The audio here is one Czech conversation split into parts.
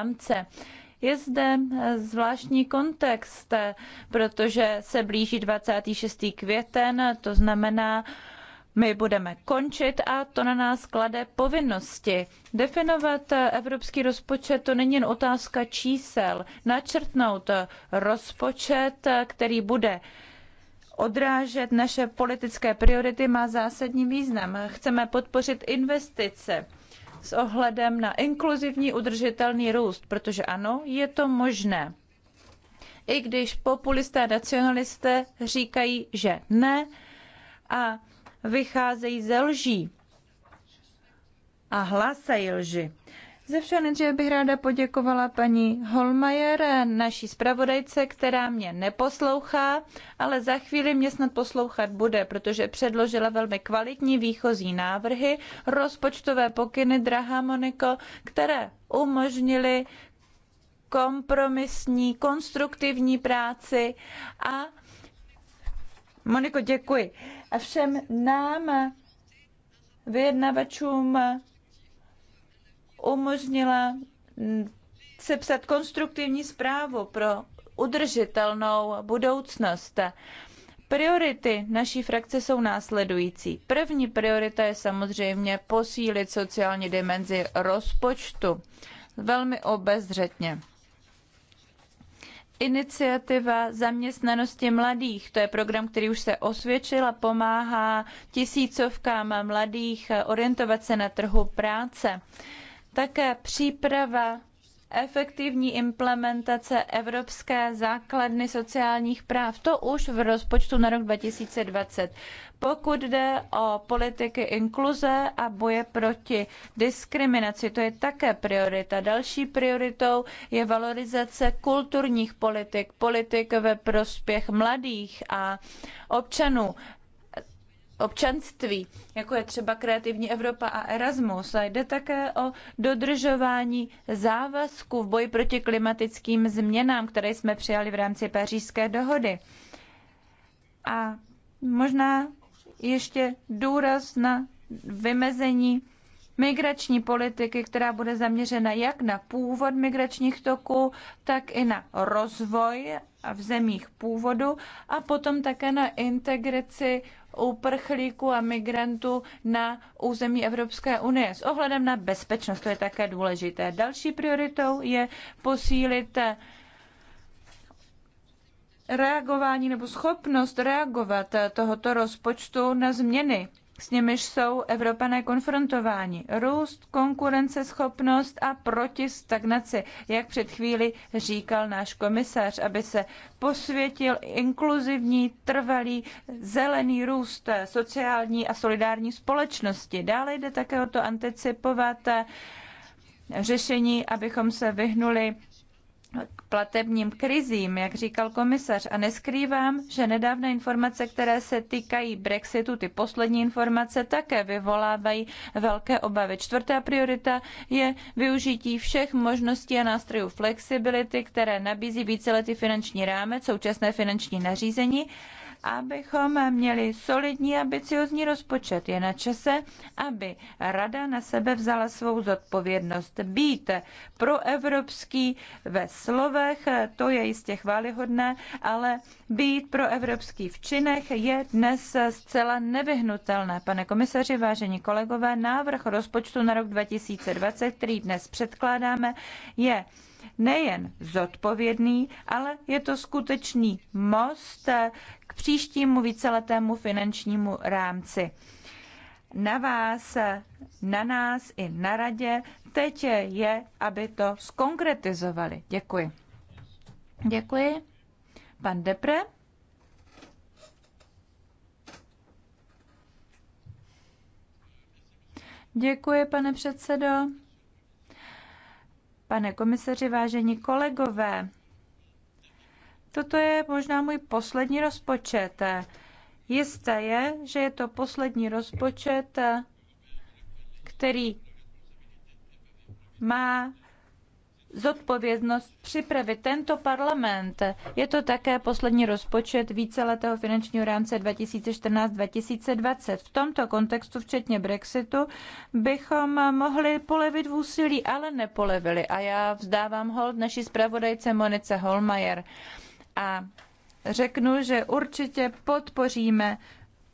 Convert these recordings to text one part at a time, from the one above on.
rámce. Je zde eh, zvláštní kontext, eh, protože se blíží 26. květen, to znamená, my budeme končit a to na nás klade povinnosti. Definovat eh, evropský rozpočet to není jen otázka čísel. Načrtnout rozpočet, který bude odrážet naše politické priority, má zásadní význam. Chceme podpořit investice s ohledem na inkluzivní udržitelný růst, protože ano, je to možné. I když populisté a nacionalisté říkají, že ne a vycházejí ze lží a hlásají lži. Ze všeho nejdříve bych ráda poděkovala paní Holmajer, naší zpravodajce, která mě neposlouchá, ale za chvíli mě snad poslouchat bude, protože předložila velmi kvalitní výchozí návrhy, rozpočtové pokyny, drahá Moniko, které umožnily kompromisní, konstruktivní práci a Moniko, děkuji. A všem nám, vyjednavačům, umožnila sepsat konstruktivní zprávu pro udržitelnou budoucnost. Priority naší frakce jsou následující. První priorita je samozřejmě posílit sociální dimenzi rozpočtu velmi obezřetně. Iniciativa zaměstnanosti mladých, to je program, který už se osvědčil a pomáhá tisícovkám mladých orientovat se na trhu práce. Také příprava efektivní implementace Evropské základny sociálních práv. To už v rozpočtu na rok 2020. Pokud jde o politiky inkluze a boje proti diskriminaci, to je také priorita. Další prioritou je valorizace kulturních politik, politik ve prospěch mladých a občanů občanství, jako je třeba Kreativní Evropa a Erasmus. A jde také o dodržování závazků v boji proti klimatickým změnám, které jsme přijali v rámci pařížské dohody. A možná ještě důraz na vymezení migrační politiky, která bude zaměřena jak na původ migračních toků, tak i na rozvoj v zemích původu a potom také na integraci uprchlíků a migrantů na území Evropské unie. S ohledem na bezpečnost, to je také důležité. Další prioritou je posílit reagování nebo schopnost reagovat tohoto rozpočtu na změny s nimiž jsou Evropané konfrontováni. Růst, konkurenceschopnost a proti stagnaci, jak před chvíli říkal náš komisař, aby se posvětil inkluzivní, trvalý, zelený růst sociální a solidární společnosti. Dále jde také o to anticipovat řešení, abychom se vyhnuli k platebním krizím, jak říkal komisař, a neskrývám, že nedávné informace, které se týkají Brexitu, ty poslední informace také vyvolávají velké obavy. Čtvrtá priorita je využití všech možností a nástrojů flexibility, které nabízí víceletý finanční rámec, současné finanční nařízení abychom měli solidní, ambiciozní rozpočet. Je na čase, aby Rada na sebe vzala svou zodpovědnost. Být proevropský ve slovech, to je jistě chválihodné, ale být proevropský v činech je dnes zcela nevyhnutelné. Pane komisaři, vážení kolegové, návrh rozpočtu na rok 2020, který dnes předkládáme, je nejen zodpovědný, ale je to skutečný most k příštímu víceletému finančnímu rámci. Na vás, na nás i na radě teď je, aby to skonkretizovali. Děkuji. Děkuji. Pan Depre? Děkuji, pane předsedo pane komisaři, vážení kolegové. Toto je možná můj poslední rozpočet. Jisté je, že je to poslední rozpočet, který má zodpovědnost připravit tento parlament. Je to také poslední rozpočet víceletého finančního rámce 2014-2020. V tomto kontextu, včetně Brexitu, bychom mohli polevit v úsilí, ale nepolevili. A já vzdávám hold naší zpravodajce Monice Holmajer. A řeknu, že určitě podpoříme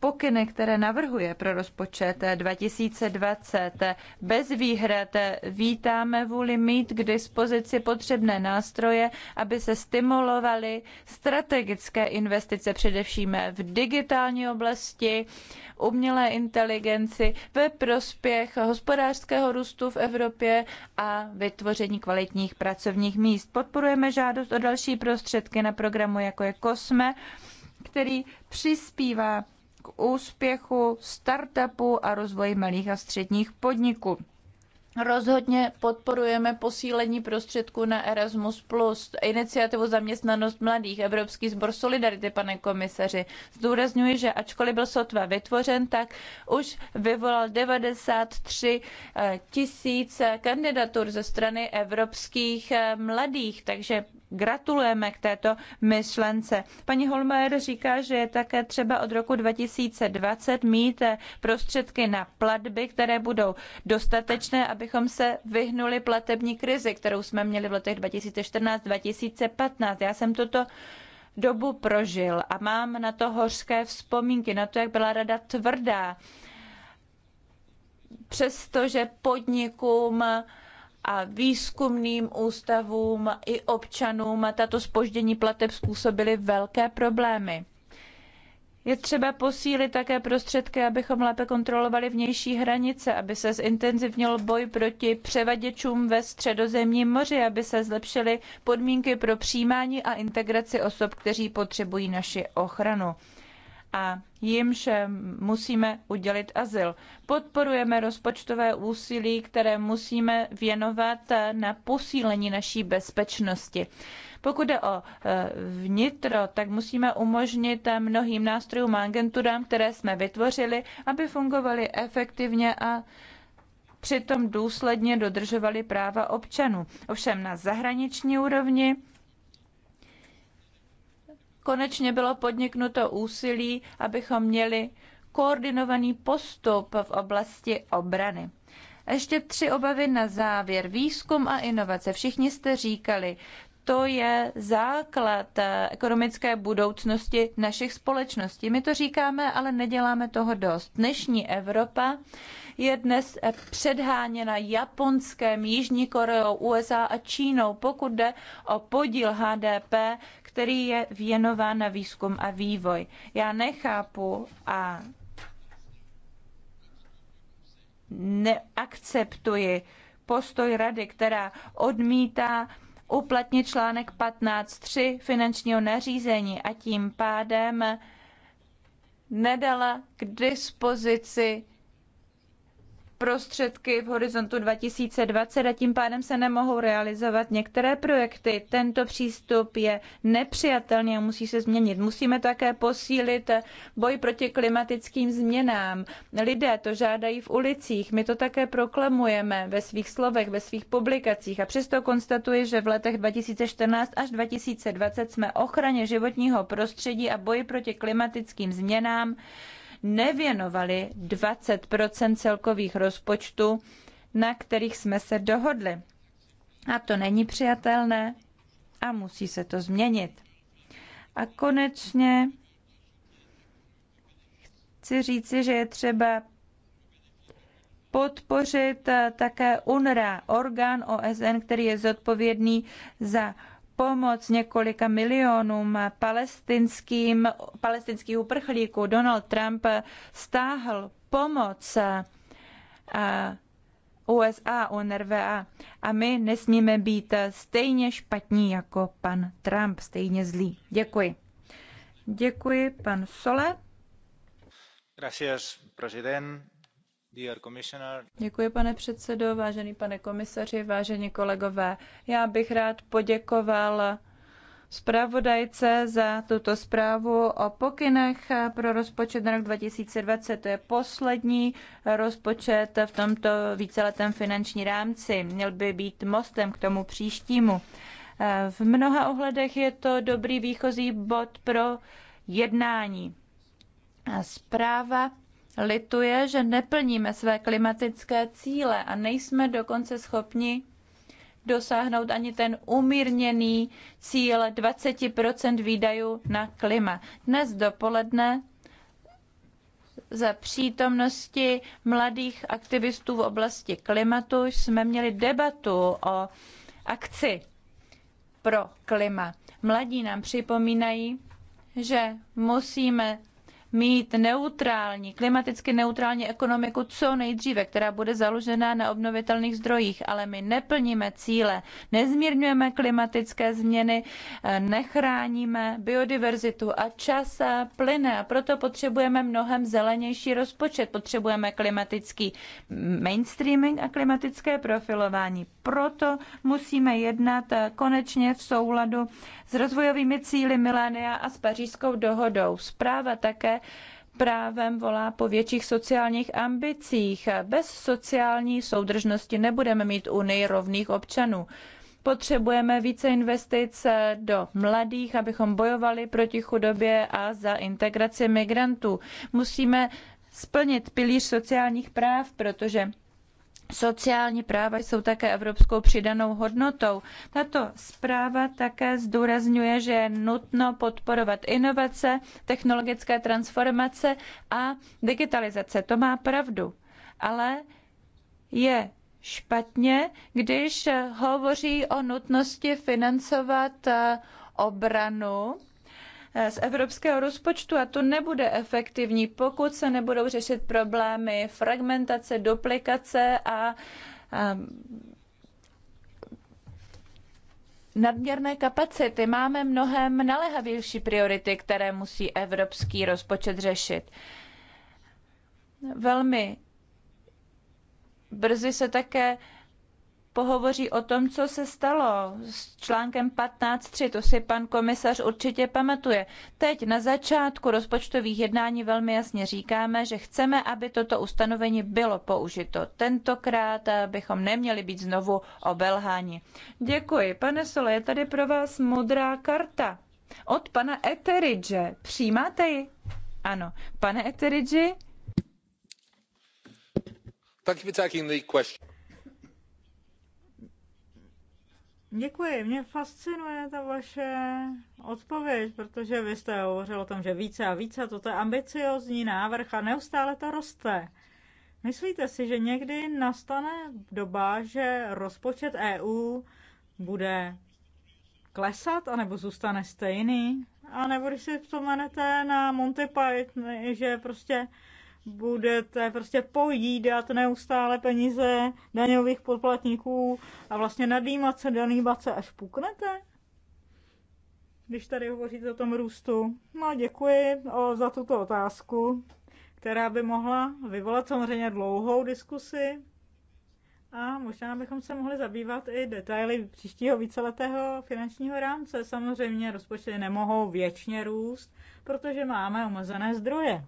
pokyny, které navrhuje pro rozpočet 2020, bez výhrad vítáme vůli mít k dispozici potřebné nástroje, aby se stimulovaly strategické investice především v digitální oblasti, umělé inteligenci ve prospěch hospodářského růstu v Evropě a vytvoření kvalitních pracovních míst. Podporujeme žádost o další prostředky na programu jako je COSME, který přispívá k úspěchu startupů a rozvoji malých a středních podniků. Rozhodně podporujeme posílení prostředků na Erasmus+, Plus iniciativu zaměstnanost mladých, Evropský sbor Solidarity, pane komisaři. Zdůrazňuji, že ačkoliv byl sotva vytvořen, tak už vyvolal 93 eh, tisíc kandidatur ze strany evropských eh, mladých, takže gratulujeme k této myšlence. Paní Holmajer říká, že je také třeba od roku 2020 mít eh, prostředky na platby, které budou dostatečné, aby abychom se vyhnuli platební krizi, kterou jsme měli v letech 2014-2015. Já jsem tuto dobu prožil a mám na to hořké vzpomínky, na to, jak byla rada tvrdá, přestože podnikům a výzkumným ústavům i občanům tato spoždění plateb způsobily velké problémy. Je třeba posílit také prostředky, abychom lépe kontrolovali vnější hranice, aby se zintenzivnil boj proti převaděčům ve středozemním moři, aby se zlepšily podmínky pro přijímání a integraci osob, kteří potřebují naši ochranu a jimž musíme udělit azyl. Podporujeme rozpočtové úsilí, které musíme věnovat na posílení naší bezpečnosti. Pokud jde o e, vnitro, tak musíme umožnit mnohým nástrojům a agenturám, které jsme vytvořili, aby fungovaly efektivně a přitom důsledně dodržovali práva občanů. Ovšem na zahraniční úrovni konečně bylo podniknuto úsilí, abychom měli koordinovaný postup v oblasti obrany. ještě tři obavy na závěr. Výzkum a inovace. Všichni jste říkali, to je základ eh, ekonomické budoucnosti našich společností. My to říkáme, ale neděláme toho dost. Dnešní Evropa je dnes eh, předháněna Japonském, Jižní Koreou, USA a Čínou, pokud jde o podíl HDP, který je věnován na výzkum a vývoj. Já nechápu a neakceptuji postoj rady, která odmítá uplatnit článek 15.3 finančního nařízení a tím pádem nedala k dispozici prostředky v horizontu 2020 a tím pádem se nemohou realizovat některé projekty. Tento přístup je nepřijatelný a musí se změnit. Musíme také posílit boj proti klimatickým změnám. Lidé to žádají v ulicích, my to také proklamujeme ve svých slovech, ve svých publikacích a přesto konstatuji, že v letech 2014 až 2020 jsme ochraně životního prostředí a boji proti klimatickým změnám nevěnovali 20 celkových rozpočtů, na kterých jsme se dohodli. A to není přijatelné a musí se to změnit. A konečně chci říci, že je třeba podpořit také UNRA, orgán OSN, který je zodpovědný za pomoc několika milionům palestinským, palestinských uprchlíků. Donald Trump stáhl pomoc eh, USA, UNRWA a my nesmíme být stejně špatní jako pan Trump, stejně zlí. Děkuji. Děkuji, pan Sole. Gracias, president. Děkuji, pane předsedo, vážený pane komisaři, vážení kolegové. Já bych rád poděkoval zpravodajce za tuto zprávu o pokynech pro rozpočet na rok 2020. To je poslední rozpočet v tomto víceletém finanční rámci. Měl by být mostem k tomu příštímu. V mnoha ohledech je to dobrý výchozí bod pro jednání. Zpráva lituje, že neplníme své klimatické cíle a nejsme dokonce schopni dosáhnout ani ten umírněný cíl 20 výdajů na klima. Dnes dopoledne za přítomnosti mladých aktivistů v oblasti klimatu jsme měli debatu o akci pro klima. Mladí nám připomínají, že musíme mít neutrální, klimaticky neutrální ekonomiku co nejdříve, která bude založena na obnovitelných zdrojích, ale my neplníme cíle, nezmírňujeme klimatické změny, nechráníme biodiverzitu a čas plyne a proto potřebujeme mnohem zelenější rozpočet, potřebujeme klimatický mainstreaming a klimatické profilování. Proto musíme jednat konečně v souladu s rozvojovými cíly milénia a s pařížskou dohodou. Zpráva také právem volá po větších sociálních ambicích. Bez sociální soudržnosti nebudeme mít Unii rovných občanů. Potřebujeme více investic do mladých, abychom bojovali proti chudobě a za integraci migrantů. Musíme splnit pilíř sociálních práv, protože Sociální práva jsou také evropskou přidanou hodnotou. Tato zpráva také zdůrazňuje, že je nutno podporovat inovace, technologické transformace a digitalizace. To má pravdu. Ale je špatně, když hovoří o nutnosti financovat eh, obranu Eh, z evropského rozpočtu a to nebude efektivní, pokud se nebudou řešit problémy fragmentace, duplikace a, a eh, nadměrné kapacity. Máme mnohem naléhavější priority, které musí evropský rozpočet řešit. Velmi brzy se také pohovoří o tom, co se stalo s článkem 15.3. To si pan komisař určitě pamatuje. Teď na začátku rozpočtových jednání velmi jasně říkáme, že chceme, aby toto ustanovení bylo použito. Tentokrát eh, bychom neměli být znovu obelháni. Děkuji. Pane Sole, je tady pro vás modrá karta od pana Eteridge. Přijímáte ji? Ano. Pane Eteridge? Thank you for taking the question. Děkuji, mě fascinuje ta vaše odpověď, protože vy jste hovořil o tom, že více a více, toto je ambiciozní návrh a neustále to roste. Myslíte si, že někdy nastane doba, že rozpočet EU bude klesat, anebo zůstane stejný? A nebo když si vzpomenete na Monty Python, že prostě budete prostě pojídat neustále peníze daňových poplatníků a vlastně nadýmat se daný bace, až puknete? Když tady hovoříte o tom růstu. No děkuji o, za tuto otázku, která by mohla vyvolat samozřejmě dlouhou diskusi. A možná bychom se mohli zabývat i detaily příštího víceletého finančního rámce. Samozřejmě rozpočty nemohou věčně růst, protože máme omezené zdroje.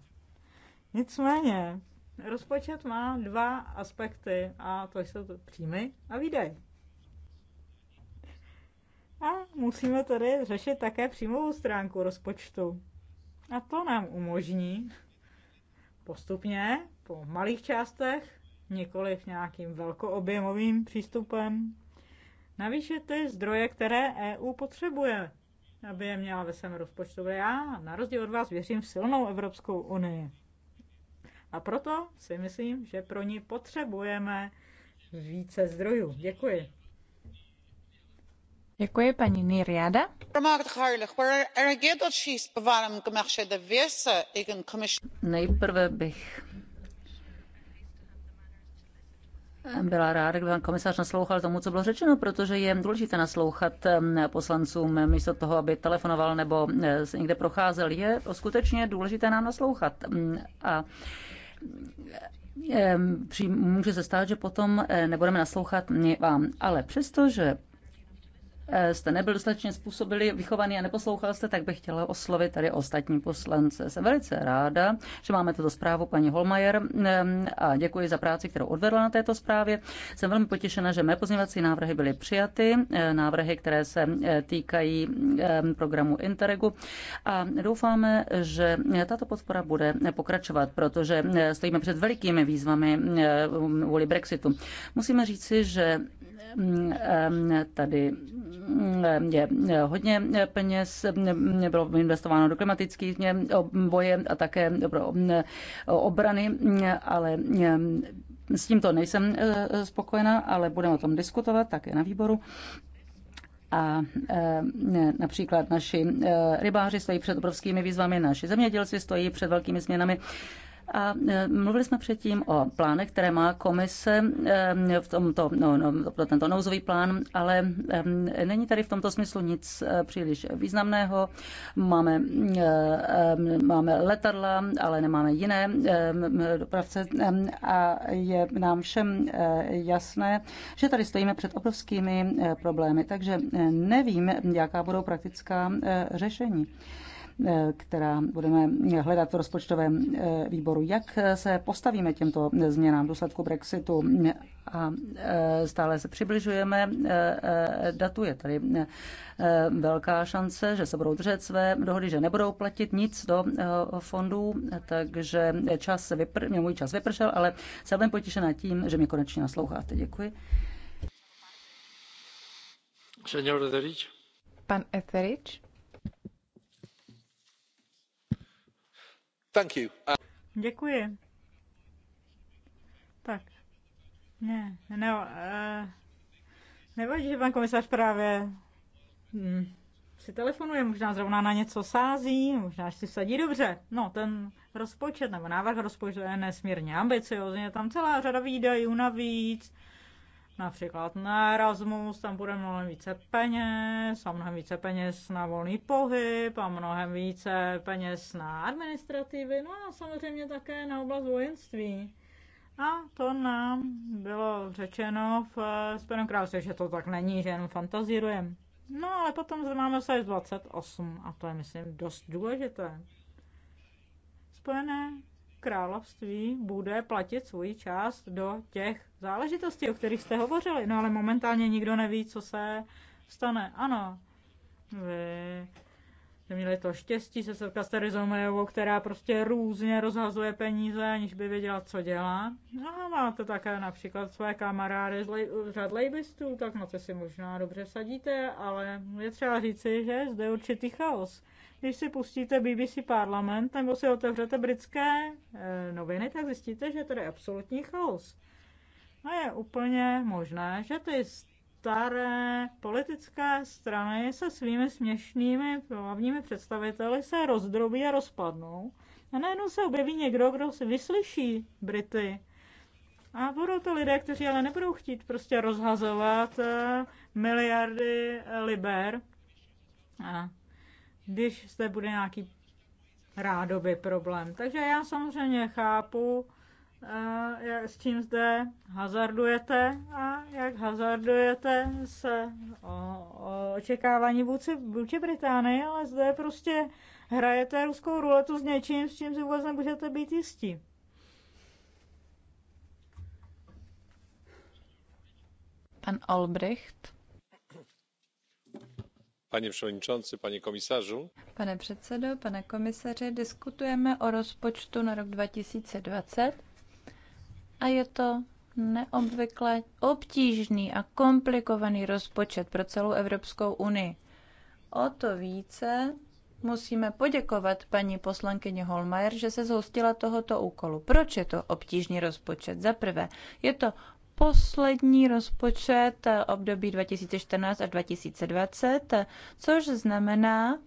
Nicméně, rozpočet má dva aspekty a to jsou to příjmy a výdaje. A musíme tedy řešit také příjmovou stránku rozpočtu. A to nám umožní postupně po malých částech, v nějakým velkoobjemovým přístupem, navýšit ty zdroje, které EU potřebuje, aby je měla ve svém rozpočtu. Já na rozdíl od vás věřím v silnou Evropskou unii. A proto si myslím, že pro ní potřebujeme více zdrojů. Děkuji. Děkuji, paní Niriada. Nejprve bych eh, byla ráda, kdyby pan komisař naslouchal tomu, co bylo řečeno, protože je důležité naslouchat eh, poslancům eh, místo toho, aby telefonoval nebo se někde procházel. Je skutečně důležité nám naslouchat. Mm, a Ehm, může se stát, že potom eh, nebudeme naslouchat vám. Ale přestože Eh, jste nebyl dostatečně způsobili, vychovaný a neposlouchal jste, tak bych chtěla oslovit tady ostatní poslance. Jsem velice ráda, že máme tuto zprávu paní Holmajer eh, a děkuji za práci, kterou odvedla na této zprávě. Jsem velmi potěšena, že mé pozměňovací návrhy byly přijaty, eh, návrhy, které se týkají programu Interregu a doufáme, že tato podpora bude pokračovat, protože stojíme před velikými výzvami vůli Brexitu. Musíme říci, že Mm, tady mm, je hodně peněz, bylo mm, investováno do klimatických boje a také pro obrany, ale s tímto nejsem e, spokojena, ale budeme o tom diskutovat také na výboru a například naši e, rybáři stojí před obrovskými výzvami, naši zemědělci stojí před velkými změnami a e, mluvili jsme předtím o plánech, které má komise e, v tomto, no, no, pro tento nouzový plán, ale e, není tady v tomto smyslu nic příliš významného. Máme, máme letadla, ale nemáme jiné dopravce a je nám všem jasné, že tady stojíme před obrovskými problémy, takže nevím, jaká budou praktická řešení. Eh, která budeme hledat v rozpočtovém eh, výboru. Jak eh, se postavíme těmto změnám v důsledku Brexitu? A stále se přibližujeme datu. Je tady velká šance, že se budou držet své dohody, že nebudou platit nic do fondů, takže čas vypr- mě můj čas vypršel, ale jsem velmi potěšena tím, že mě konečně nasloucháte. Děkuji. Pan Etheridge. Uh, Děkuji. Tak. Ne, no, nevadí, že pan komisař právě hmm, si telefonuje, možná zrovna na něco sází, možná si sadí dobře. No, ten rozpočet nebo návrh rozpočtu je nesmírně ambiciozně, tam celá řada výdajů navíc, Například na Erasmus, tam bude mnohem více peněz a mnohem více peněz na volný pohyb a mnohem více peněz na administrativy, no a samozřejmě také na oblast vojenství. A to nám bylo řečeno v Spojeném království, že to tak není, že jenom fantazírujeme. No ale potom zde máme se 28 a to je, myslím, dost důležité. Spojené království bude platit svůj část do těch záležitosti, o kterých jste hovořili, no ale momentálně nikdo neví, co se stane. Ano, vy jste měli to štěstí se setkat s Terizou Mayovou, která prostě různě rozhazuje peníze, aniž by věděla, co dělá. No, a máte také například své kamarády z lej, řad lejbistů, tak na to si možná dobře sadíte, ale je třeba říci, že je zde určitý chaos. Když si pustíte BBC Parlament nebo si otevřete britské eh, noviny, tak zjistíte, že je tady absolutní chaos. A no, je úplně možné, že ty staré politické strany se svými směšnými hlavními představiteli se rozdrobí a rozpadnou. A najednou se objeví někdo, kdo si vyslyší Brity. A budou to lidé, kteří ale nebudou chtít prostě rozhazovat eh, miliardy eh, liber. A když zde bude nějaký rádoby problém. Takže já samozřejmě chápu s čím zde hazardujete a jak hazardujete se o, o očekávání vůči, vůči Británii, ale zde prostě hrajete ruskou ruletu s něčím, s čím si vůbec nemůžete být jistí. Pan Albrecht. Pane předsedající, pane komisařu. Pane předsedo, pane komisaři, diskutujeme o rozpočtu na rok 2020 a je to neobvykle obtížný a komplikovaný rozpočet pro celou Evropskou unii. O to více musíme poděkovat paní poslankyni Holmajer, že se zhostila tohoto úkolu. Proč je to obtížný rozpočet? Za prvé, je to poslední rozpočet období 2014 až 2020, což znamená,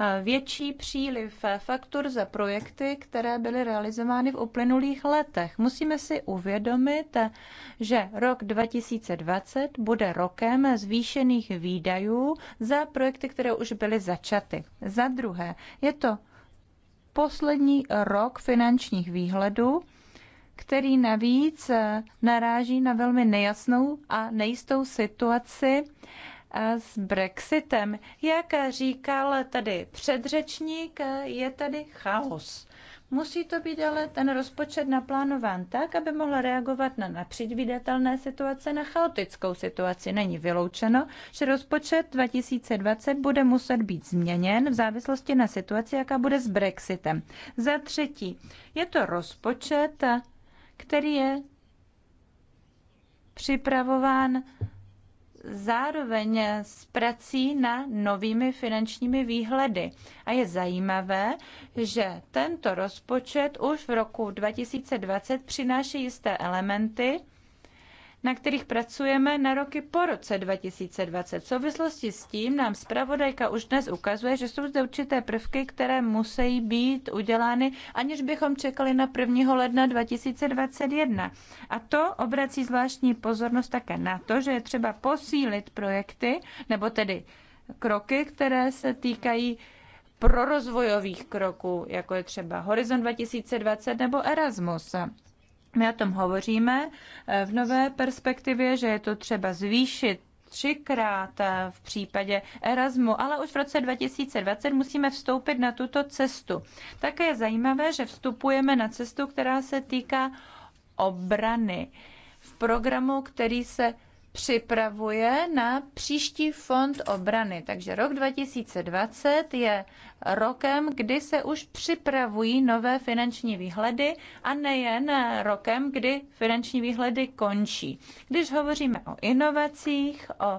Eh, větší příliv eh, faktur za projekty, které byly realizovány v uplynulých letech. Musíme si uvědomit, eh, že rok 2020 bude rokem zvýšených výdajů za projekty, které už byly začaty. Za druhé, je to poslední rok finančních výhledů, který navíc naráží na velmi nejasnou a nejistou situaci a s Brexitem. Jak říkal tady předřečník, je tady chaos. Musí to být ale ten rozpočet naplánován tak, aby mohl reagovat na nepředvídatelné situace, na chaotickou situaci. Není vyloučeno, že rozpočet 2020 bude muset být změněn v závislosti na situaci, jaká bude s Brexitem. Za třetí, je to rozpočet, který je připravován zároveň s prací na novými finančními výhledy. A je zajímavé, že tento rozpočet už v roku 2020 přináší jisté elementy, na kterých pracujeme na roky po roce 2020. V souvislosti s tím nám zpravodajka už dnes ukazuje, že jsou zde určité prvky, které musí být udělány, aniž bychom čekali na 1. ledna 2021. A to obrací zvláštní pozornost také na to, že je třeba posílit projekty, nebo tedy kroky, které se týkají prorozvojových kroků, jako je třeba Horizon 2020 nebo Erasmus. My o tom hovoříme eh, v nové perspektivě, že je to třeba zvýšit třikrát eh, v případě Erasmu, ale už v roce 2020 musíme vstoupit na tuto cestu. Také je zajímavé, že vstupujeme na cestu, která se týká obrany v programu, který se připravuje na příští fond obrany. Takže rok 2020 je rokem, kdy se už připravují nové finanční výhledy a nejen rokem, kdy finanční výhledy končí. Když hovoříme o inovacích, o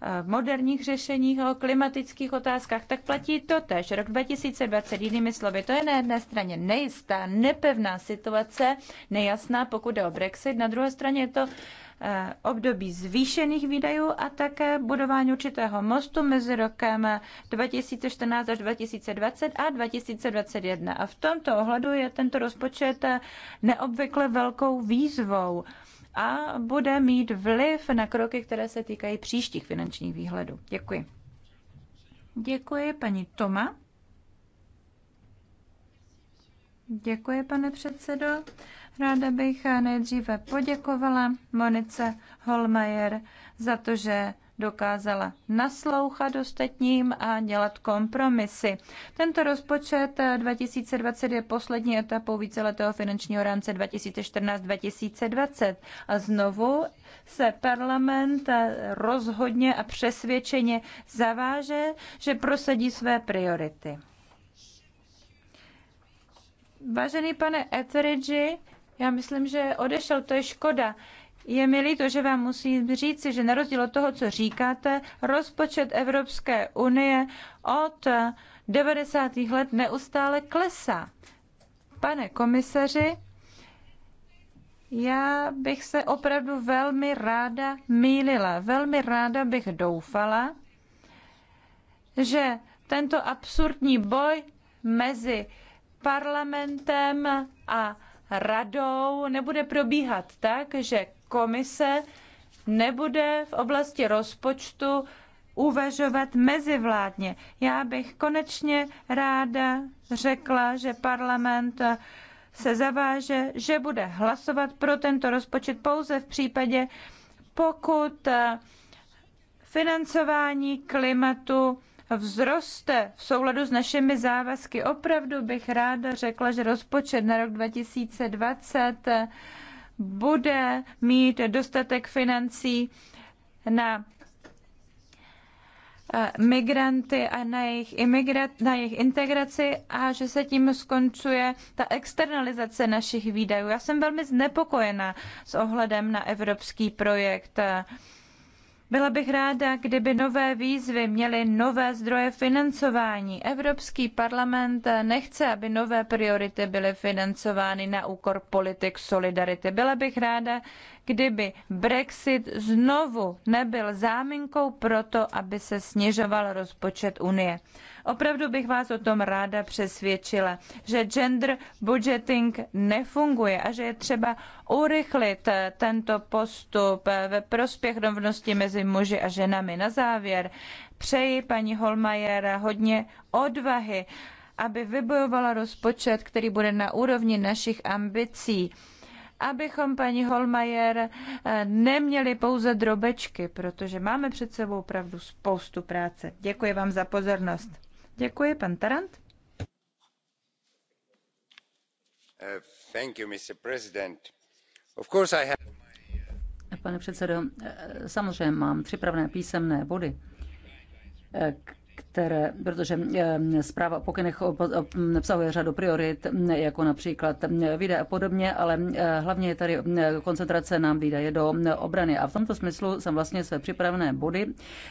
e, moderních řešeních, o klimatických otázkách, tak platí to tež. Rok 2020, jinými slovy, to je na jedné straně nejistá, nepevná situace, nejasná, pokud jde o Brexit, na druhé straně je to Eh, období zvýšených výdajů a také budování určitého mostu mezi rokem 2014 až 2020 a 2021. A v tomto ohledu je tento rozpočet eh, neobvykle velkou výzvou a bude mít vliv na kroky, které se týkají příštích finančních výhledů. Děkuji. Děkuji, paní Toma. Děkuji, pane předsedo. Ráda bych nejdříve poděkovala Monice Holmajer za to, že dokázala naslouchat ostatním a dělat kompromisy. Tento rozpočet 2020 je poslední etapou víceletého finančního rámce 2014-2020 a znovu se parlament rozhodně a přesvědčeně zaváže, že prosadí své priority. Vážený pane Etheridge, já myslím, že odešel, to je škoda. Je mi líto, že vám musím říci, že na rozdíl od toho, co říkáte, rozpočet Evropské unie od 90. let neustále klesá. Pane komisaři, já bych se opravdu velmi ráda mýlila, velmi ráda bych doufala, že tento absurdní boj mezi parlamentem a radou nebude probíhat tak, že komise nebude v oblasti rozpočtu uvažovat mezivládně. Já bych konečně ráda řekla, že parlament se zaváže, že bude hlasovat pro tento rozpočet pouze v případě, pokud financování klimatu vzroste v souladu s našimi závazky. Opravdu bych ráda řekla, že rozpočet na rok 2020 bude mít dostatek financí na eh, migranty a na jejich, imigrat, na jejich integraci a že se tím skončuje ta externalizace našich výdajů. Já jsem velmi znepokojená s ohledem na evropský projekt. Byla bych ráda, kdyby nové výzvy měly nové zdroje financování. Evropský parlament nechce, aby nové priority byly financovány na úkor politik solidarity. Byla bych ráda, kdyby Brexit znovu nebyl záminkou pro to, aby se snižoval rozpočet Unie. Opravdu bych vás o tom ráda přesvědčila, že gender budgeting nefunguje a že je třeba urychlit eh, tento postup eh, ve prospěch rovnosti mezi muži a ženami. Na závěr přeji paní Holmajer hodně odvahy, aby vybojovala rozpočet, který bude na úrovni našich ambicí abychom, paní Holmajer, eh, neměli pouze drobečky, protože máme před sebou opravdu spoustu práce. Děkuji vám za pozornost. Děkuji, pan Tarant. Uh, uh, Pane předsedo, eh, samozřejmě mám připravené písemné body, eh, které, protože eh, zpráva o pokynech obsahuje řadu priorit, jako například eh, výdaje a podobně, ale eh, hlavně je tady koncentrace na výdaje do obrany. A v tomto smyslu jsem vlastně své připravené body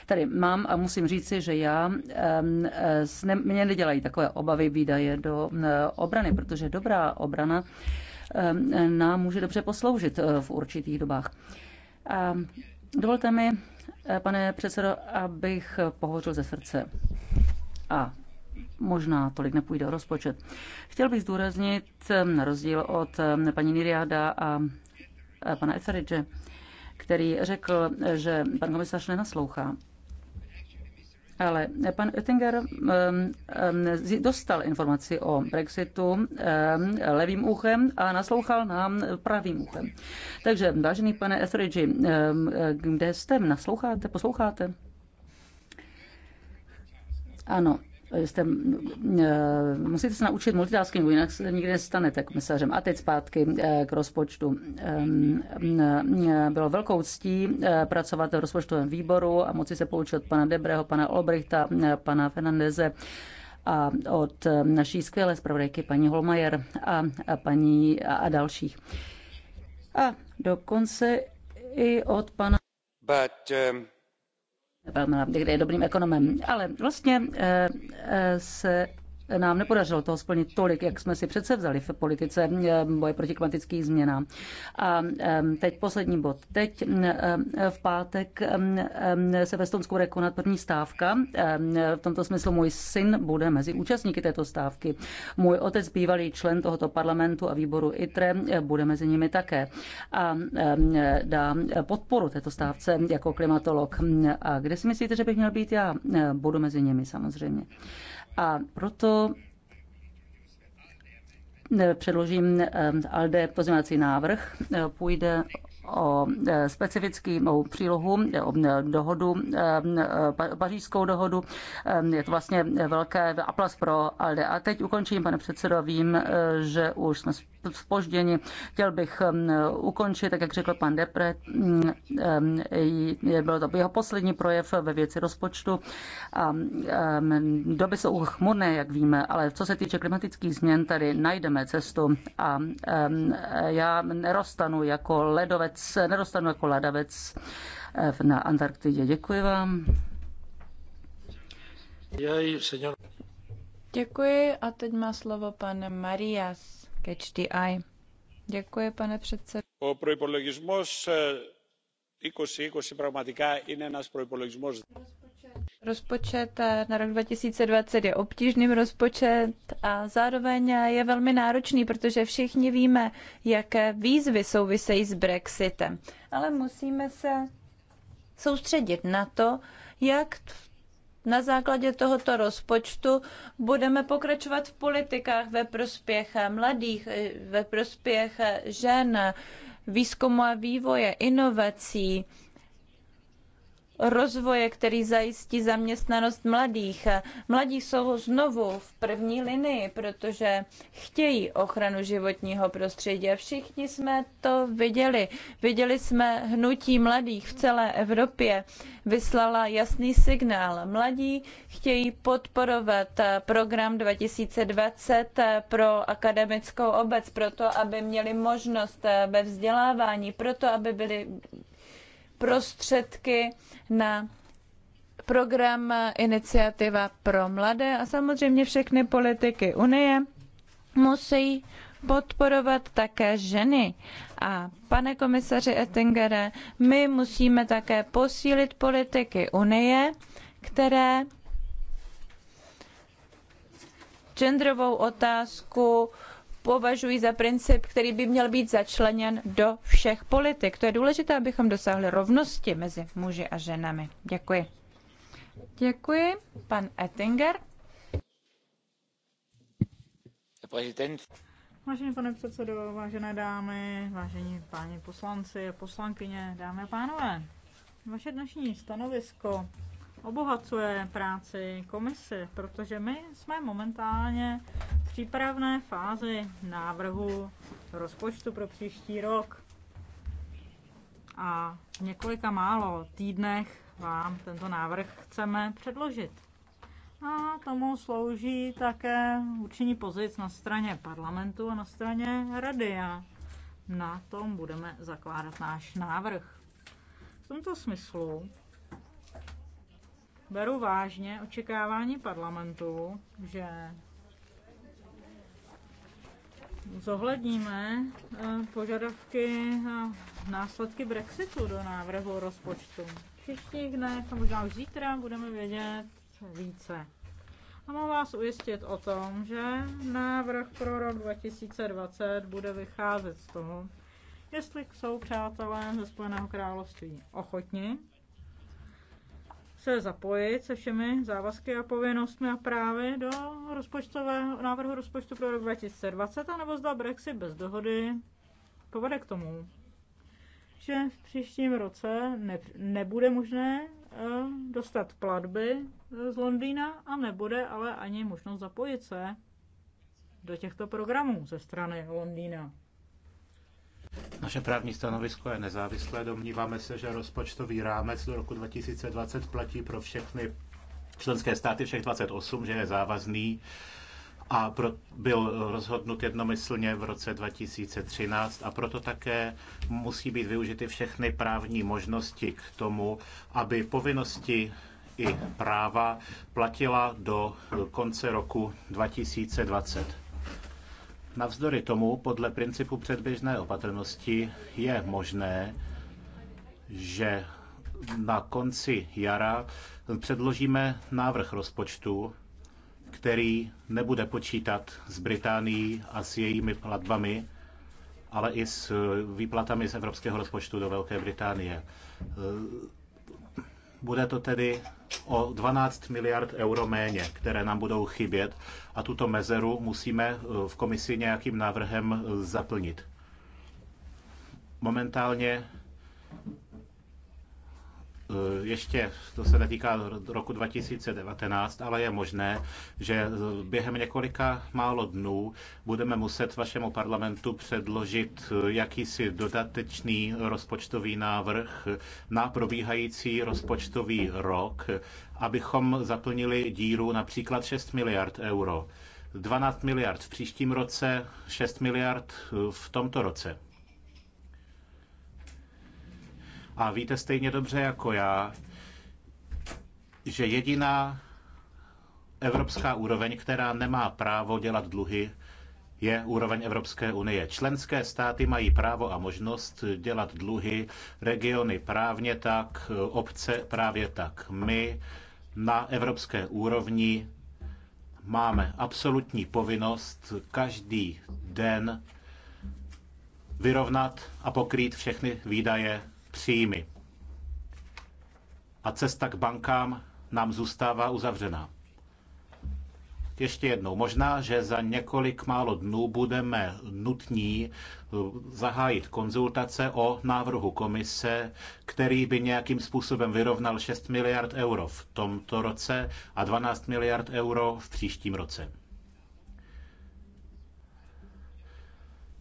tady mám a musím říci, že já ehm, mě nedělají takové obavy výdaje do obrany, protože dobrá obrana ehm, nám může dobře posloužit v určitých dobách. A dovolte mi Eh, pane předsedo, abych pohořil ze srdce. A možná tolik nepůjde o rozpočet. Chtěl bych zdůraznit, eh, na rozdíl od eh, paní Niriáda a pana Eferidže, který řekl, že pan komisař nenaslouchá ale pan Oettinger um, um, dostal informaci o Brexitu um, levým uchem a naslouchal nám pravým uchem. Takže, vážený pane Etheridge, kde jste? Nasloucháte? Posloucháte? Ano, jste, eh, musíte se naučit multitasking, jinak se nikdy nestanete komisařem. A teď zpátky eh, k rozpočtu. Eh, bylo velkou ctí pracovat v rozpočtovém výboru a moci se poučit od pana Debreho, pana Olbrichta, pana Fernandeze a od naší skvělé zpravodajky paní Holmajer a, a paní a, a dalších. A dokonce i od pana But, um... Palmela, kde je dobrým ekonomem. Ale vlastně eh, eh, se nám nepodařilo toho splnit tolik, jak jsme si přece vzali v politice eh, boje proti klimatickým změnám. A ehm, teď poslední bod. Teď ehm, v pátek ehm, se ve Stonsku bude konat první stávka. V tomto smyslu můj syn bude mezi účastníky této stávky. Můj otec, bývalý člen tohoto parlamentu a výboru ITRE, eh, bude mezi nimi také. A dá podporu této stávce jako klimatolog. A kde si myslíte, že bych měl být já? Eh, budu mezi nimi samozřejmě. A proto eh, předložím eh, ALDE pozměňovací návrh. Eh, půjde o e, specifickou přílohu, e, o e, dohodu, pařížskou dohodu. Je to vlastně velké aplas pro ALDE. A teď ukončím, pane předsedo, vím, že už jsme spožděni. Chtěl bych ukončit, tak jak řekl pan Depre, byl to jeho poslední projev ve věci rozpočtu. Doby jsou chmurné, jak víme, ale co se týče klimatických změn, tady najdeme cestu a já nerostanu jako ledové ledavec, nedostanu jako ledavec eh, na Antarktidě. Děkuji vám. Děkuji a teď má slovo pan Marias ke HDI. Děkuji, pane předsedo. O průpologismus 2020 pragmatika je náš průpologismus. Rozpočet eh, na rok 2020 je obtížným rozpočet a zároveň eh, je velmi náročný, protože všichni víme, jaké výzvy souvisejí s Brexitem. Ale musíme se soustředit na to, jak na základě tohoto rozpočtu budeme pokračovat v politikách ve prospěch eh, mladých, ve prospěch žen, výzkumu a vývoje, inovací, rozvoje, který zajistí zaměstnanost mladých. Mladí jsou znovu v první linii, protože chtějí ochranu životního prostředí a všichni jsme to viděli. Viděli jsme hnutí mladých v celé Evropě. Vyslala jasný signál. Mladí chtějí podporovat program 2020 pro akademickou obec, proto aby měli možnost ve vzdělávání, proto aby byli prostředky na program Iniciativa pro mladé a samozřejmě všechny politiky Unie musí podporovat také ženy. A pane komisaři Ettingere, my musíme také posílit politiky Unie, které genderovou otázku považují za princip, který by měl být začleněn do všech politik. To je důležité, abychom dosáhli rovnosti mezi muži a ženami. Děkuji. Děkuji. Pan Ettinger. Vážený pane předsedo, vážené dámy, vážení páni poslanci a poslankyně, dámy a pánové, vaše dnešní stanovisko obohacuje práci komise, protože my jsme momentálně v přípravné fázi návrhu rozpočtu pro příští rok. A v několika málo týdnech vám tento návrh chceme předložit. A tomu slouží také určení pozic na straně parlamentu a na straně rady a na tom budeme zakládat náš návrh. V tomto smyslu beru vážně očekávání parlamentu, že zohledníme eh, požadavky a následky Brexitu do návrhu rozpočtu. V příštích dnech a možná už zítra budeme vědět více. A mám vás ujistit o tom, že návrh pro rok 2020 bude vycházet z toho, jestli jsou přátelé ze Spojeného království ochotni se zapojit se všemi závazky a povinnostmi a právy do rozpočtového návrhu rozpočtu pro rok 2020, anebo zda Brexit bez dohody povede k tomu, že v příštím roce ne, nebude možné eh, dostat platby eh, z Londýna a nebude ale ani možnost zapojit se do těchto programů ze strany Londýna. Naše právní stanovisko je nezávislé. Domníváme se, že rozpočtový rámec do roku 2020 platí pro všechny členské státy, všech 28, že je závazný a pro, byl rozhodnut jednomyslně v roce 2013 a proto také musí být využity všechny právní možnosti k tomu, aby povinnosti i práva platila do konce roku 2020. Navzdory tomu, podle principu předběžné opatrnosti, je možné, že na konci jara předložíme návrh rozpočtu, který nebude počítat s Británií a s jejími platbami, ale i s výplatami z evropského rozpočtu do Velké Británie. Bude to tedy o 12 miliard euro méně, které nám budou chybět a tuto mezeru musíme eh, v komisi nějakým návrhem eh, zaplnit. Momentálně Eh, ještě to se netýká roku 2019, ale je možné, že během několika málo dnů budeme muset vašemu parlamentu předložit eh, jakýsi dodatečný rozpočtový návrh na probíhající rozpočtový rok, abychom zaplnili díru například 6 miliard euro. 12 miliard v příštím roce, 6 miliard eh, v tomto roce. A víte stejně dobře jako já, že jediná evropská úroveň, která nemá právo dělat dluhy, je úroveň Evropské unie. Členské státy mají právo a možnost dělat dluhy, regiony právně tak, obce právě tak. My na evropské úrovni máme absolutní povinnost každý den vyrovnat a pokrýt všechny výdaje příjmy. A cesta k bankám nám zůstává uzavřená. Ještě jednou, možná, že za několik málo dnů budeme nutní eh, zahájit konzultace o návrhu komise, který by nějakým způsobem vyrovnal 6 miliard euro v tomto roce a 12 miliard euro v příštím roce.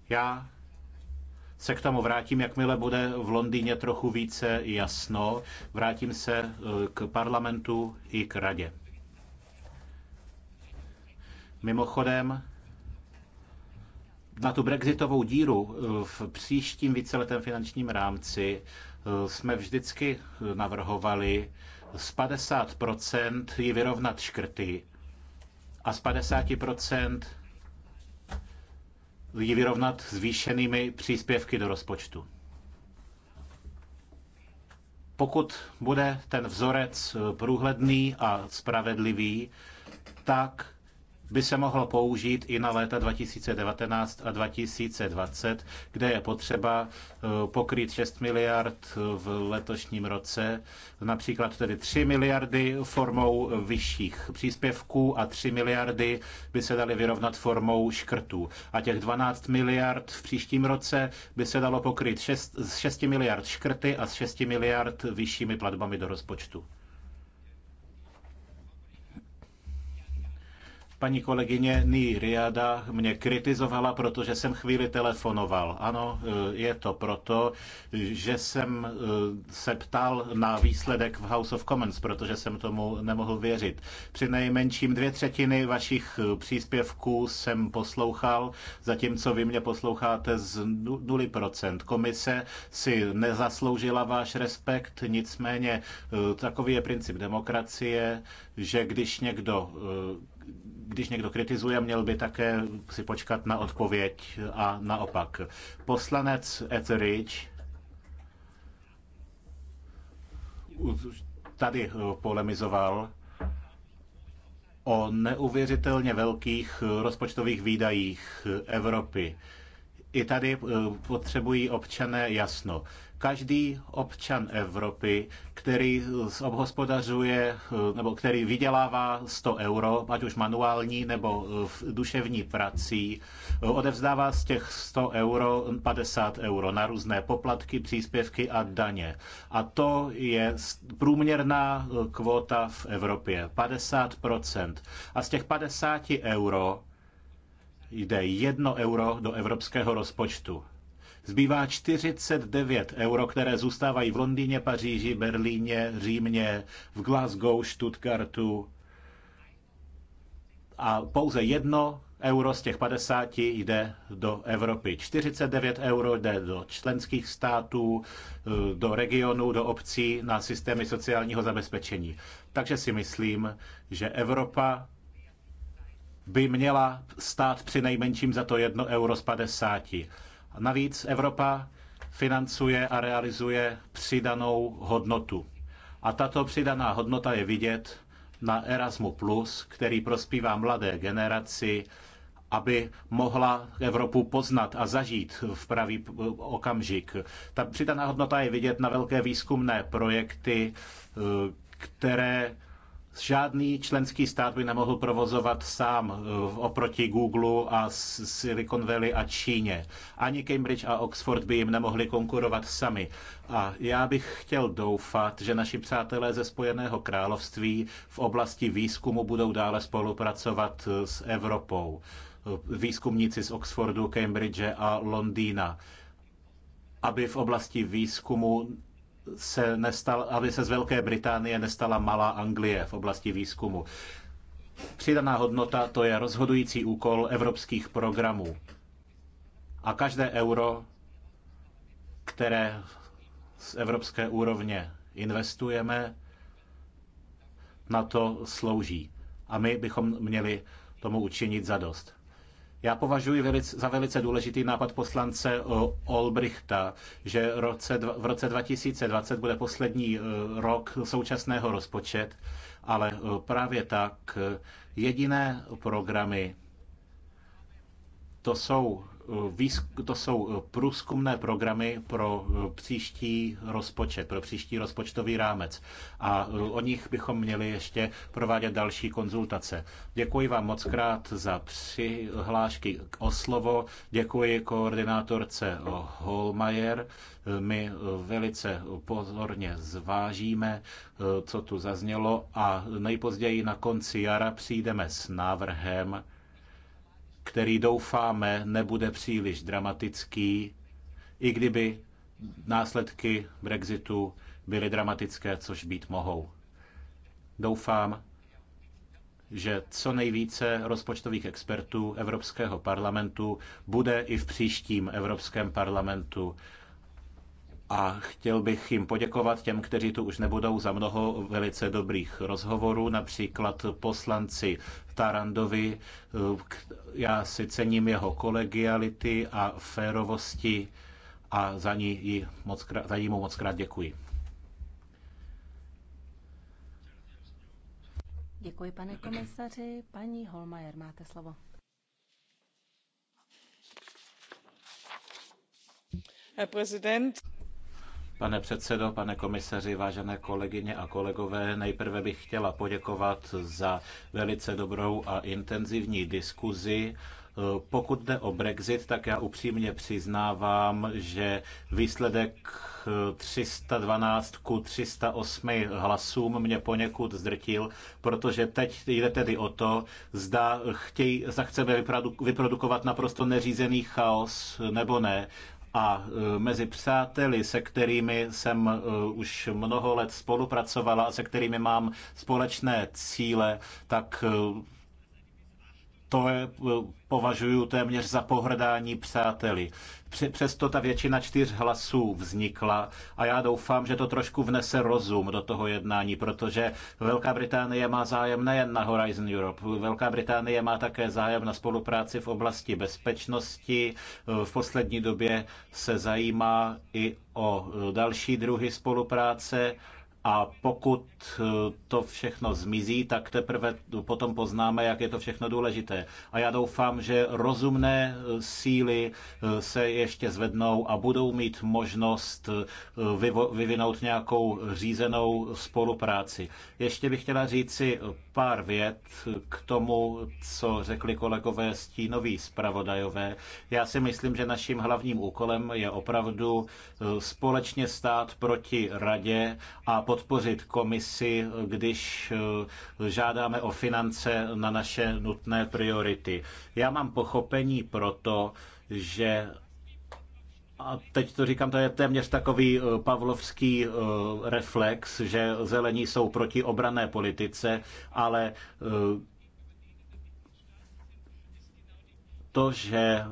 Já se k tomu vrátím, jakmile bude v Londýně trochu více jasno. Vrátím se e, k parlamentu i k radě. Mimochodem, na tu brexitovou díru e, v příštím víceletém finančním rámci e, jsme vždycky navrhovali z 50% ji vyrovnat škrty a z ji vyrovnat zvýšenými příspěvky do rozpočtu. Pokud bude ten vzorec eh, průhledný a spravedlivý, tak by se mohlo použít i na léta 2019 a 2020, kde je potřeba eh, pokryt 6 miliard v letošním roce, například tedy 3 miliardy formou vyšších příspěvků a 3 miliardy by se daly vyrovnat formou škrtů. A těch 12 miliard v příštím roce by se dalo pokryt 6, z 6 miliard škrty a z 6 miliard vyššími platbami do rozpočtu. Paní kolegyně Ní Riada mě kritizovala, protože jsem chvíli telefonoval. Ano, e, je to proto, že jsem e, se ptal na výsledek v House of Commons, protože jsem tomu nemohl věřit. Při nejmenším dvě třetiny vašich e, příspěvků jsem poslouchal, zatímco vy mě posloucháte z 0%. Komise si nezasloužila váš respekt, nicméně takový je princip demokracie, že když někdo když někdo kritizuje, měl by také si počkat na odpověď a naopak. Poslanec Etheridge tady eh, polemizoval o neuvěřitelně velkých eh, rozpočtových výdajích eh, Evropy. I tady potřebují občané jasno. Každý občan Evropy, který obhospodařuje nebo který vydělává 100 euro, ať už manuální nebo v duševní prací, odevzdává z těch 100 euro 50 euro na různé poplatky, příspěvky a daně. A to je průměrná kvota v Evropě, 50%. A z těch 50 euro jde 1 euro do evropského rozpočtu. Zbývá 49 euro, které zůstávají v Londýně, Paříži, Berlíně, Římě, v Glasgow, Stuttgartu. A pouze jedno euro z těch 50 jde do Evropy. 49 euro jde do členských států, do regionů, do obcí na systémy sociálního zabezpečení. Takže si myslím, že Evropa by měla stát při nejmenším za to jedno euro z 50. Navíc Evropa financuje a realizuje přidanou hodnotu. A tato přidaná hodnota je vidět na Erasmu+, který prospívá mladé generaci, aby mohla Evropu poznat a zažít v pravý okamžik. Ta přidaná hodnota je vidět na velké výzkumné projekty, eh, které Žádný členský stát by nemohl provozovat sám eh, oproti Google a Silicon Valley a Číně. Ani Cambridge a Oxford by jim nemohli konkurovat sami. A já bych chtěl doufat, že naši přátelé ze Spojeného království v oblasti výzkumu budou dále spolupracovat eh, s Evropou. Eh, výzkumníci z Oxfordu, Cambridge a Londýna aby v oblasti výzkumu se nestal, aby se z Velké Británie nestala malá Anglie v oblasti výzkumu. Přidaná hodnota to je rozhodující úkol evropských programů. A každé euro, které z evropské úrovně investujeme, na to slouží. A my bychom měli tomu učinit zadost. Já považuji velice, za velice důležitý nápad poslance eh, Olbrichta, že v roce 2020 bude poslední eh, rok současného rozpočet, ale eh, právě tak jediné programy, to jsou to jsou eh, průzkumné programy pro eh, příští rozpočet, pro příští rozpočtový rámec. A eh, o nich bychom měli ještě provádět další konzultace. Děkuji vám moc krát za přihlášky o slovo. Děkuji koordinátorce Holmajer. My velice pozorně zvážíme, co tu zaznělo a nejpozději na konci jara přijdeme s návrhem který doufáme nebude příliš dramatický, i kdyby následky Brexitu byly dramatické, což být mohou. Doufám, že co nejvíce rozpočtových expertů Evropského parlamentu bude i v příštím Evropském parlamentu a chtěl bych jim poděkovat těm, kteří tu už nebudou za mnoho velice dobrých rozhovorů, například poslanci Tarandovi. Já si cením jeho kolegiality a férovosti a za ní, jí moc krát, za ní mu moc krát děkuji. Děkuji, pane komisaři. Paní Holmajer, máte slovo. Herr Präsident. Pane předsedo, pane komisaři, vážené kolegyně a kolegové, nejprve bych chtěla poděkovat za velice dobrou a intenzivní diskuzi. Pokud jde o Brexit, tak já upřímně přiznávám, že výsledek 312 ku 308 hlasům mě poněkud zdrtil, protože teď jde tedy o to, zda zda chceme vyprodukovat naprosto neřízený chaos nebo ne a e, mezi přáteli, se kterými jsem e, už mnoho let spolupracovala a se kterými mám společné cíle, tak e, to je, eh, považuji téměř za pohrdání přáteli. Přesto ta většina čtyř hlasů vznikla a já doufám, že to trošku vnese rozum do toho jednání, protože Velká Británie má zájem nejen na Horizon Europe. Velká Británie má také zájem na spolupráci v oblasti bezpečnosti. Eh, v poslední době se zajímá i o eh, další druhy spolupráce a pokud eh, to všechno zmizí, tak teprve potom poznáme, jak je to všechno důležité. A já doufám, že rozumné eh, síly eh, se ještě zvednou a budou mít možnost vyvinout nějakou řízenou spolupráci. Ještě bych chtěla říci pár vět k tomu, co řekli kolegové stínoví zpravodajové. Já si myslím, že naším hlavním úkolem je opravdu společně stát proti radě a podpořit komisi, když eh, žádáme o finance na naše nutné priority. Já mám pochopení pro to, že a teď to říkám, to je téměř takový eh, pavlovský eh, reflex, že zelení jsou proti obrané politice, ale to, že eh,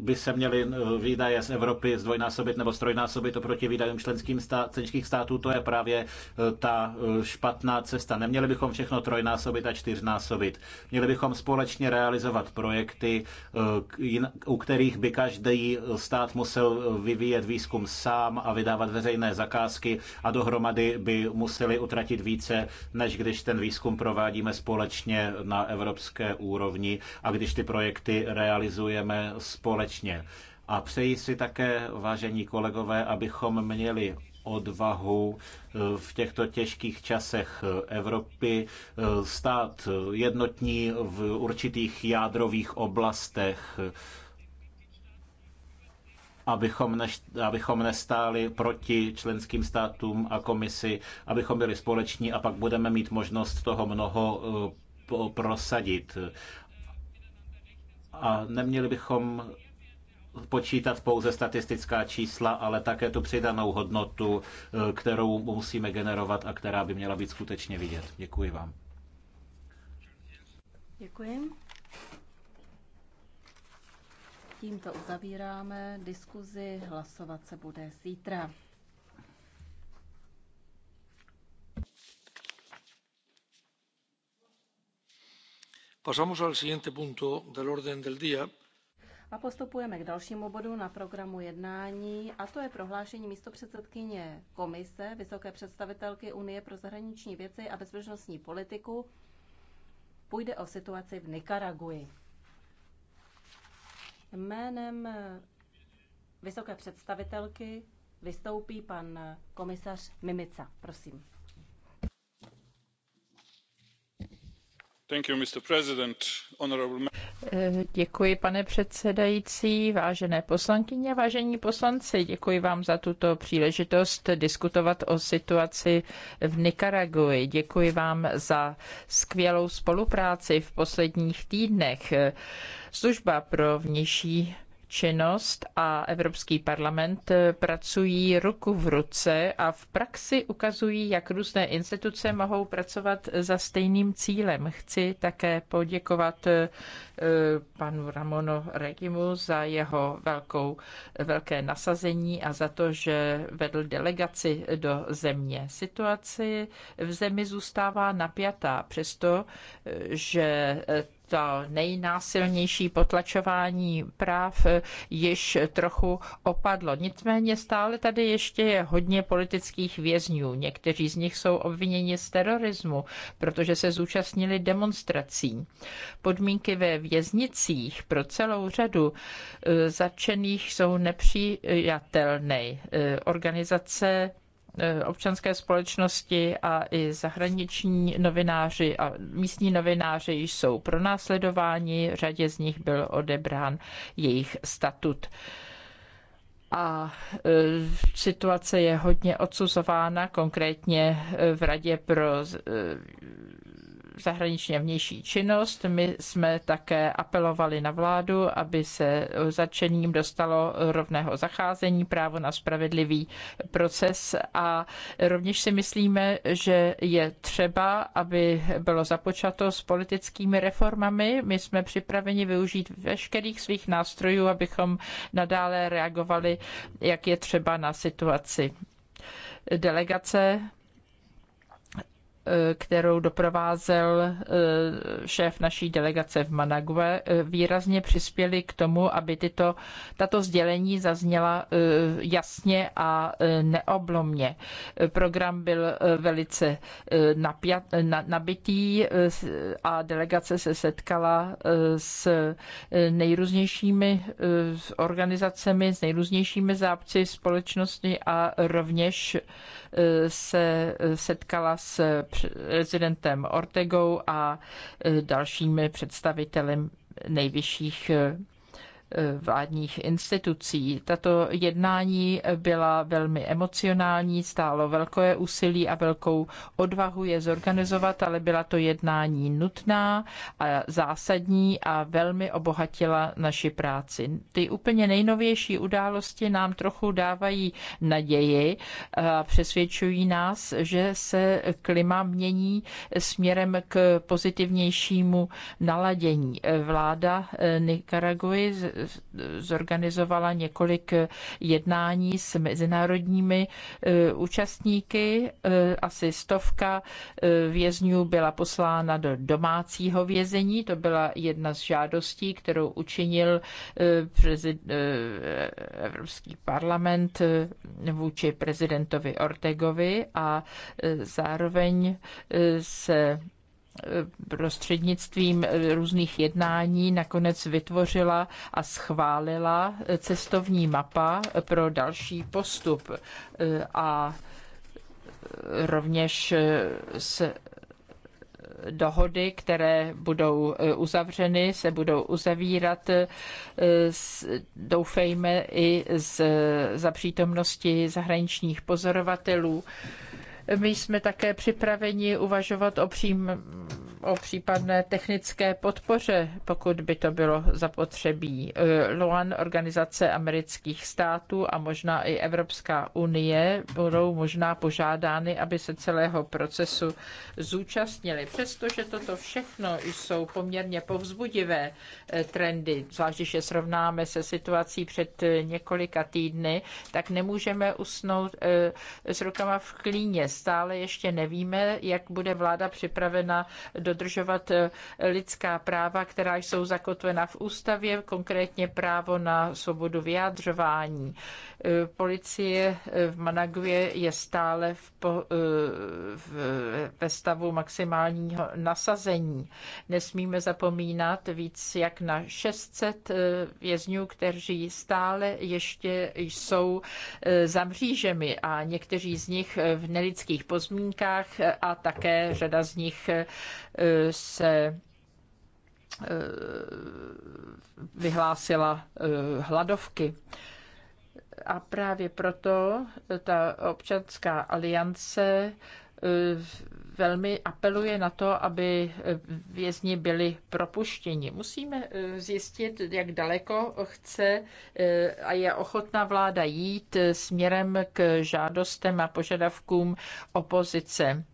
by se měly eh, výdaje z Evropy zdvojnásobit nebo strojnásobit oproti výdajům členským stát, členských států, to je právě eh, ta špatná cesta. Neměli bychom všechno trojnásobit a čtyřnásobit. Měli bychom společně realizovat projekty, u kterých by každý stát musel vyvíjet výzkum sám a vydávat veřejné zakázky a dohromady by museli utratit více, než když ten výzkum provádíme společně na evropské úrovni a když ty projekty realizujeme realizujeme společně. A přeji si také, vážení kolegové, abychom měli odvahu eh, v těchto těžkých časech eh, Evropy eh, stát jednotní v určitých jádrových oblastech, abychom, ne, abychom nestáli proti členským státům a komisi, abychom byli společní a pak budeme mít možnost toho mnoho prosadit a neměli bychom počítat pouze statistická čísla, ale také tu přidanou hodnotu, eh, kterou musíme generovat a která by měla být skutečně vidět. Děkuji vám. Děkuji. Tímto uzavíráme diskuzi, hlasovat se bude zítra. A postupujeme k dalšímu bodu na programu jednání, a to je prohlášení místopředsedkyně Komise Vysoké představitelky Unie pro zahraniční věci a bezpečnostní politiku. Půjde o situaci v Nikaragui. Jménem vysoké představitelky vystoupí pan komisař Mimica. Prosím. Eh, děkuji, pane předsedající, vážené poslankyně, vážení poslanci. Děkuji vám za tuto příležitost diskutovat o situaci v Nikaragui. Děkuji vám za skvělou spolupráci v posledních týdnech. Eh, služba pro vnější činnost a Evropský parlament eh, pracují ruku v ruce a v praxi ukazují, jak různé instituce mohou pracovat za stejným cílem. Chci také poděkovat eh, Eh, panu Ramono Regimu za jeho velkou, velké nasazení a za to, že vedl delegaci do země. Situaci v zemi zůstává napjatá, přesto, eh, že eh, to nejnásilnější potlačování práv již trochu opadlo. Nicméně stále tady ještě je hodně politických vězňů. Někteří z nich jsou obviněni z terorismu, protože se zúčastnili demonstrací. Podmínky ve věznicích pro celou řadu e, začených jsou nepřijatelné. E, organizace e, občanské společnosti a i zahraniční novináři a místní novináři jsou pronásledováni, řadě z nich byl odebrán jejich statut a situace je hodně odsuzována, konkrétně v Radě pro zahraničně vnější činnost. My jsme také apelovali na vládu, aby se začením dostalo rovného zacházení, právo na spravedlivý proces a rovněž si myslíme, že je třeba, aby bylo započato s politickými reformami. My jsme připraveni využít veškerých svých nástrojů, abychom nadále reagovali, jak je třeba na situaci. Delegace Eh, kterou doprovázel eh, šéf naší delegace v Managuve, eh, výrazně přispěli k tomu, aby tyto, tato sdělení zazněla jasně a neoblomně. Program byl velice napjat, nabitý a delegace se setkala s nejrůznějšími organizacemi, s nejrůznějšími zápci společnosti a rovněž se setkala s prezidentem Ortegou a e, dalšími představiteli nejvyšších e, vládních institucí. Tato jednání byla velmi emocionální, stálo velké úsilí a velkou odvahu je zorganizovat, ale byla to jednání nutná a zásadní a velmi obohatila naši práci. Ty úplně nejnovější události nám trochu dávají naději a přesvědčují nás, že se klima mění směrem k pozitivnějšímu naladění. Vláda Nikaraguji zorganizovala několik eh, jednání s mezinárodními eh, účastníky. Eh, asi stovka vězňů byla poslána do domácího vězení. To byla jedna z žádostí, kterou učinil Evropský parlament vůči prezidentovi Ortegovi a zároveň se prostřednictvím různých jednání nakonec vytvořila a schválila cestovní mapa pro další postup. A rovněž s dohody, které budou uzavřeny, se budou uzavírat, doufejme, i z, za přítomnosti zahraničních pozorovatelů. My jsme také připraveni uvažovat o přím o případné technické podpoře, pokud by to bylo zapotřebí. Eh, LOAN, Organizace amerických států a možná i Evropská unie budou možná požádány, aby se celého procesu zúčastnili. Přestože toto všechno jsou poměrně povzbudivé eh, trendy, zvlášť když je srovnáme se situací před eh, několika týdny, tak nemůžeme usnout s rukama v klíně. Stále ještě nevíme, jak bude vláda připravena do dodržovat eh, lidská práva, která jsou zakotvena v ústavě, konkrétně právo na svobodu vyjadřování. Policie v Managuě je stále v, po, eh, v, ve stavu maximálního nasazení. Nesmíme zapomínat víc jak na 600 eh, vězňů, kteří stále ještě jsou eh, za mřížemi a někteří z nich v nelidských pozmínkách a také řada z nich se vyhlásila hladovky. A právě proto ta občanská aliance eh, velmi apeluje na to, aby vězni byli propuštěni. Musíme eh, zjistit, jak daleko chce eh, a je ochotná vláda jít směrem k žádostem a požadavkům opozice.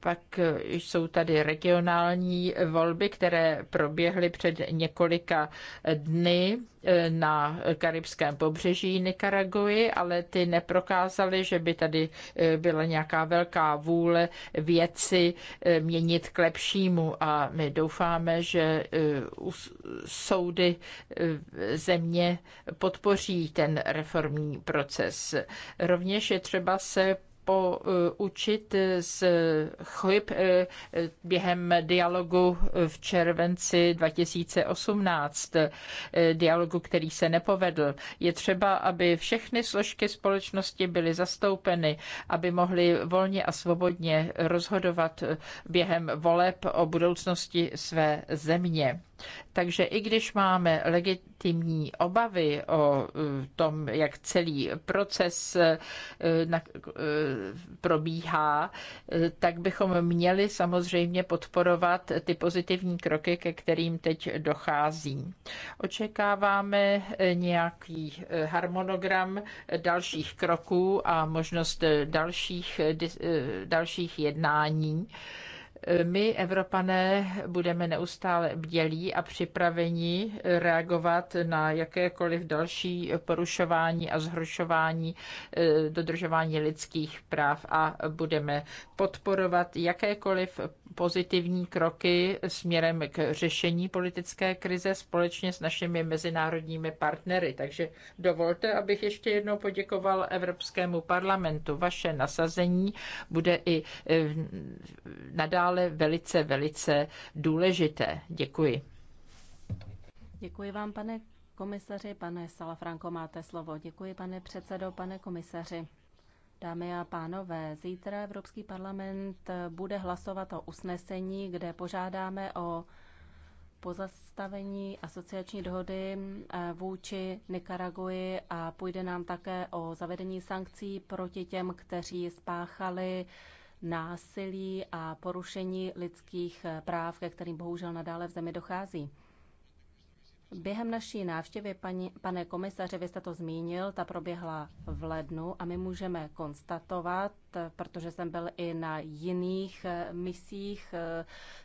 Pak jsou tady regionální volby, které proběhly před několika dny eh, na karibském pobřeží Nikaraguji, ale ty neprokázaly, že by tady eh, byla nějaká velká vůle věci eh, měnit k lepšímu a my doufáme, že soudy země podpoří ten reformní proces. Rovněž je třeba se poučit z chyb eh, během dialogu v červenci 2018, eh, dialogu, který se nepovedl. Je třeba, aby všechny složky společnosti byly zastoupeny, aby mohly volně a svobodně rozhodovat eh, během voleb o budoucnosti své země. Takže i když máme legitimní obavy o tom, jak celý proces probíhá, tak bychom měli samozřejmě podporovat ty pozitivní kroky, ke kterým teď dochází. Očekáváme nějaký harmonogram dalších kroků a možnost dalších, dalších jednání. My, Evropané, budeme neustále bdělí a připraveni reagovat na jakékoliv další porušování a zhoršování eh, dodržování lidských práv a budeme podporovat jakékoliv pozitivní kroky směrem k řešení politické krize společně s našimi mezinárodními partnery. Takže dovolte, abych ještě jednou poděkoval Evropskému parlamentu. Vaše nasazení bude i nadále ale velice, velice důležité. Děkuji. Děkuji vám, pane komisaři. Pane Salafranko, máte slovo. Děkuji, pane předsedo, pane komisaři. Dámy a pánové, zítra Evropský parlament bude hlasovat o usnesení, kde požádáme o pozastavení asociační dohody eh, vůči Nikaraguji a půjde nám také o zavedení sankcí proti těm, kteří spáchali násilí a porušení lidských eh, práv, ke kterým bohužel nadále v zemi dochází. Během naší návštěvy, paní, pane komisaře, vy jste to zmínil, ta proběhla v lednu a my můžeme konstatovat, protože jsem byl i na jiných eh, misích eh,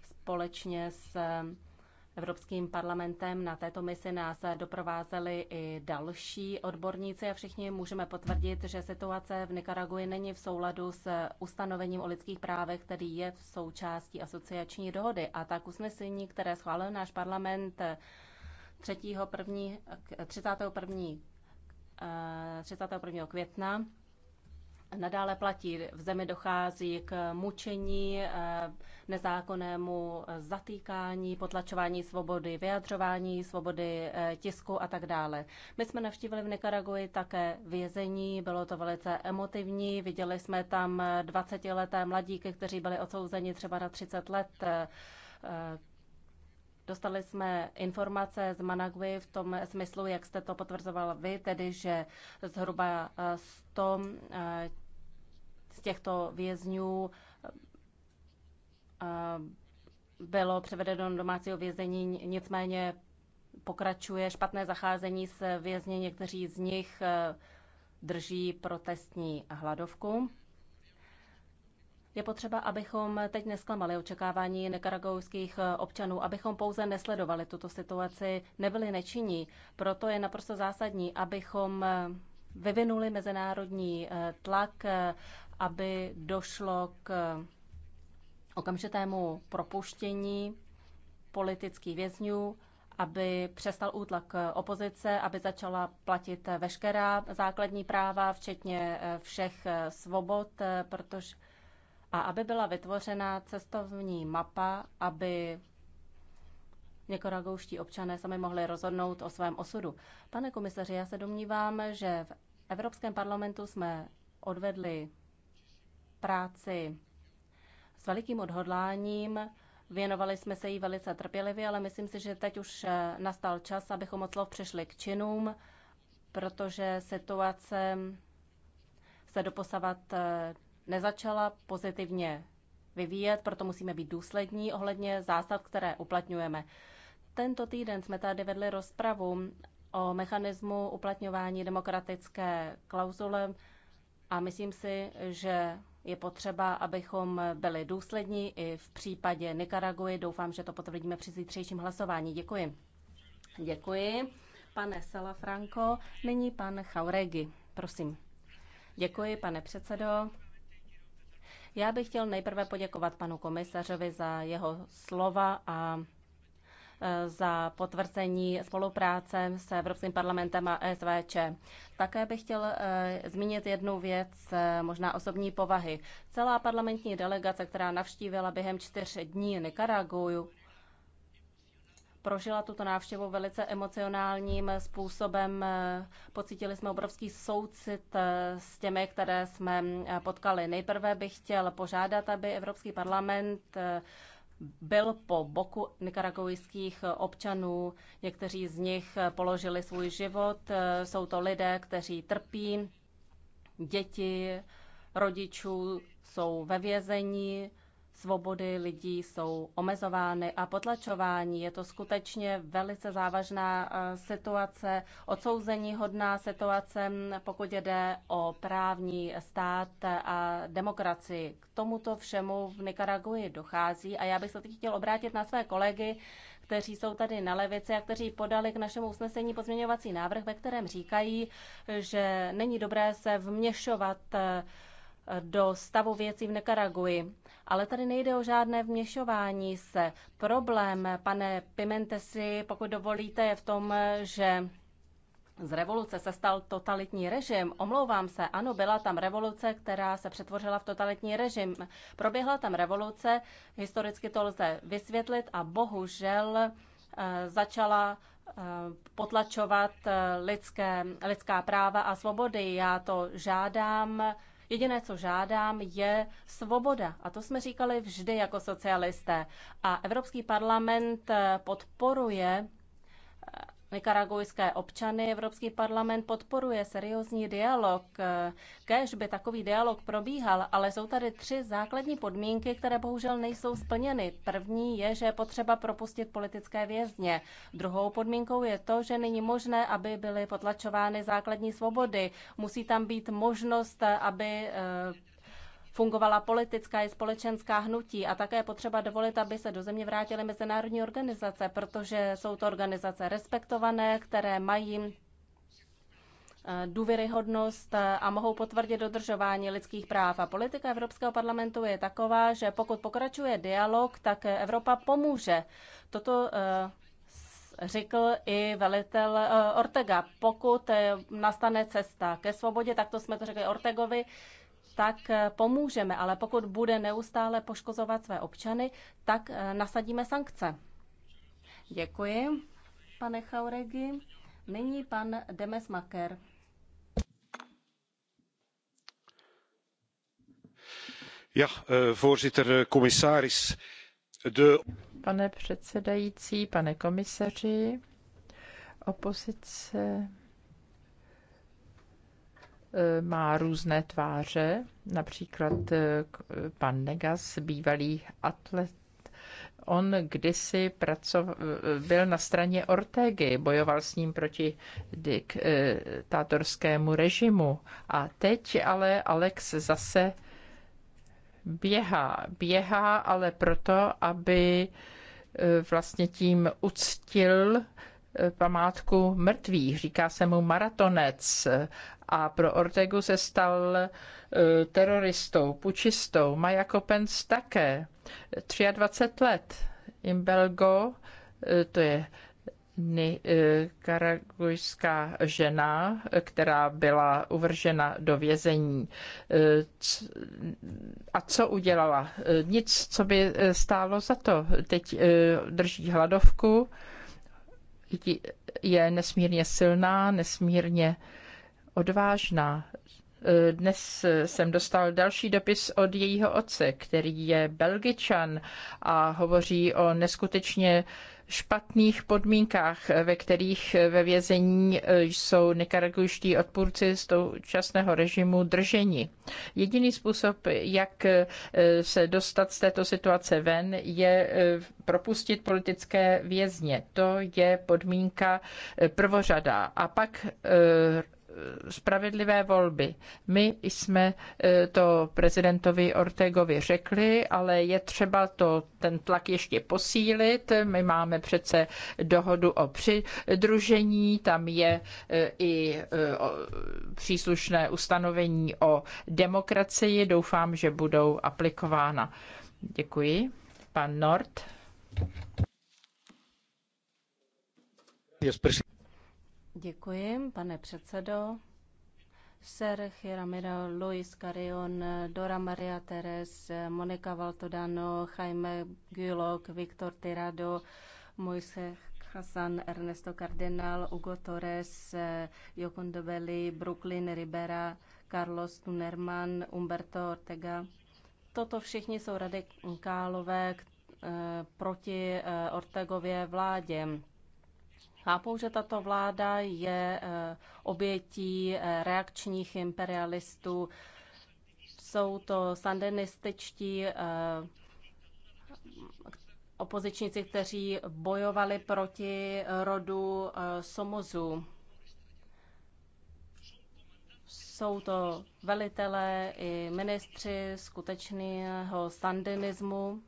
společně s Evropským parlamentem. Na této misi nás doprovázeli i další odborníci a všichni můžeme potvrdit, že situace v Nikaraguji není v souladu s ustanovením o lidských právech, který je v součástí asociační dohody. A tak usnesení, které schválil náš parlament 3. 31. 31. května nadále platí. V zemi dochází k mučení, eh, nezákonnému zatýkání, potlačování svobody vyjadřování, svobody eh, tisku a tak dále. My jsme navštívili v Nikaraguji také vězení, bylo to velice emotivní, viděli jsme tam 20-leté mladíky, kteří byli odsouzeni třeba na 30 let eh, Dostali jsme informace z Managvy v tom smyslu, jak jste to potvrzoval vy, tedy že zhruba 100 těchto vězňů eh, bylo převedeno do domácího vězení, nicméně pokračuje špatné zacházení s vězni. Někteří z nich eh, drží protestní hladovku. Je potřeba, abychom teď nesklamali očekávání nekaragouských eh, občanů, abychom pouze nesledovali tuto situaci, nebyli nečinní. Proto je naprosto zásadní, abychom vyvinuli mezinárodní tlak, aby došlo k okamžitému propuštění politických vězňů, aby přestal útlak opozice, aby začala platit veškerá základní práva, včetně eh, všech eh, svobod, eh, protože a aby byla vytvořena cestovní mapa, aby někoragouští občané sami mohli rozhodnout o svém osudu. Pane komisaři, já se domnívám, že v Evropském parlamentu jsme odvedli práci s velikým odhodláním. Věnovali jsme se jí velice trpělivě, ale myslím si, že teď už eh, nastal čas, abychom od slov přešli k činům, protože situace se doposavat eh, nezačala pozitivně vyvíjet, proto musíme být důslední ohledně zásad, které uplatňujeme. Tento týden jsme tady vedli rozpravu o mechanismu uplatňování demokratické klauzule a myslím si, že je potřeba, abychom byli důslední i v případě Nikaraguji. Doufám, že to potvrdíme při zítřejším hlasování. Děkuji. Děkuji. Pane Salafranco, nyní pan Chauregi. Prosím. Děkuji, pane předsedo. Já bych chtěl nejprve poděkovat panu komisařovi za jeho slova a za potvrzení spolupráce s Evropským parlamentem a SVČ. Také bych chtěl eh, zmínit jednu věc, eh, možná osobní povahy. Celá parlamentní delegace, která navštívila během čtyř dní Nikaraguju, prožila tuto návštěvu velice emocionálním způsobem. Pocítili jsme obrovský soucit eh, s těmi, které jsme potkali. Nejprve bych chtěl požádat, aby Evropský parlament byl po boku nikaragujských občanů. Někteří z nich položili svůj život. Jsou to lidé, kteří trpí. Děti rodičů jsou ve vězení svobody lidí jsou omezovány a potlačovány. Je to skutečně velice závažná eh, situace, odsouzení hodná situace, pokud jde o právní stát a demokracii. K tomuto všemu v Nikaraguji dochází a já bych se teď chtěl obrátit na své kolegy, kteří jsou tady na levici a kteří podali k našemu usnesení pozměňovací návrh, ve kterém říkají, že není dobré se vměšovat eh, do stavu věcí v Nikaraguji. Ale tady nejde o žádné vměšování se. Problém, pane Pimentesi, pokud dovolíte, je v tom, že z revoluce se stal totalitní režim. Omlouvám se, ano, byla tam revoluce, která se přetvořila v totalitní režim. Proběhla tam revoluce, historicky to lze vysvětlit a bohužel eh, začala eh, potlačovat eh, lidské, lidská práva a svobody. Já to žádám Jediné, co žádám, je svoboda. A to jsme říkali vždy jako socialisté. A Evropský parlament eh, podporuje nikaragujské občany. Evropský parlament podporuje seriózní dialog. Kež by takový dialog probíhal, ale jsou tady tři základní podmínky, které bohužel nejsou splněny. První je, že je potřeba propustit politické vězně. Druhou podmínkou je to, že není možné, aby byly potlačovány základní svobody. Musí tam být možnost, aby eh, fungovala politická i společenská hnutí a také potřeba dovolit, aby se do země vrátily mezinárodní organizace, protože jsou to organizace respektované, které mají eh, důvěryhodnost eh, a mohou potvrdit dodržování lidských práv. A politika Evropského parlamentu je taková, že pokud pokračuje dialog, tak Evropa pomůže. Toto eh, řekl i velitel Ortega. Pokud nastane cesta ke svobodě, tak to jsme to řekli Ortegovi, tak eh, pomůžeme, ale pokud bude neustále poškozovat své občany, tak eh, nasadíme sankce. Děkuji, pane Chauregi. Nyní pan Demesmaker. Ja, eh, voorzitter, commissaris. De... Pane předsedající, pane komisaři, opozice Eh, má různé tváře, například eh, pan Negas, bývalý atlet, On kdysi pracoval, eh, byl na straně Ortegy, bojoval s ním proti diktátorskému režimu. A teď ale Alex zase běhá. Běhá ale proto, aby vlastně tím uctil památku mrtvých, říká se mu maratonec a pro Ortegu se stal e, teroristou, pučistou, Majakopens také, 23 let, Imbelgo, e, to je e, karagujská žena, která byla uvržena do vězení. A co udělala? Nic, co by stálo za to. Teď drží hladovku, je nesmírně silná, nesmírně odvážná. Dnes jsem dostal další dopis od jejího otce, který je belgičan a hovoří o neskutečně špatných podmínkách, ve kterých eh, ve vězení eh, jsou nekaragujští odpůrci z současného režimu drženi. Jediný způsob, jak eh, se dostat z této situace ven, je propustit politické vězně. To je podmínka prvořadá. A pak Eh, spravedlivé volby. My jsme eh, to prezidentovi Ortegovi řekli, ale je třeba to, ten tlak ještě posílit. My máme přece dohodu o přidružení, tam je eh, i příslušné ustanovení o demokracii. Doufám, že budou aplikována. Děkuji. Pan Nord. Děkuji, pane předsedo. Ser Ramiro, Luis Carion, Dora Maria Teres, Monika Valtodano, Jaime Gulok, Viktor Tirado, Moise Hassan, Ernesto Cardenal, Hugo Torres, Jokondo Belli, Brooklyn Ribera, Carlos Tunerman, Umberto Ortega. Toto všichni jsou radikálové eh, proti eh, Ortegově vládě. Chápou, že tato vláda je eh, obětí eh, reakčních imperialistů. Jsou to sandinističtí eh, opozičníci, kteří bojovali proti rodu Somozu. Jsou to velitelé i ministři skutečného sandinismu.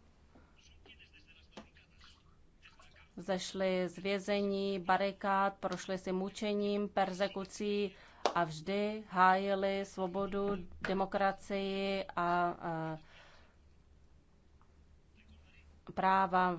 Zešli z vězení, barikád, prošli si mučením, persekucí a vždy hájili svobodu, demokracii a, a práva v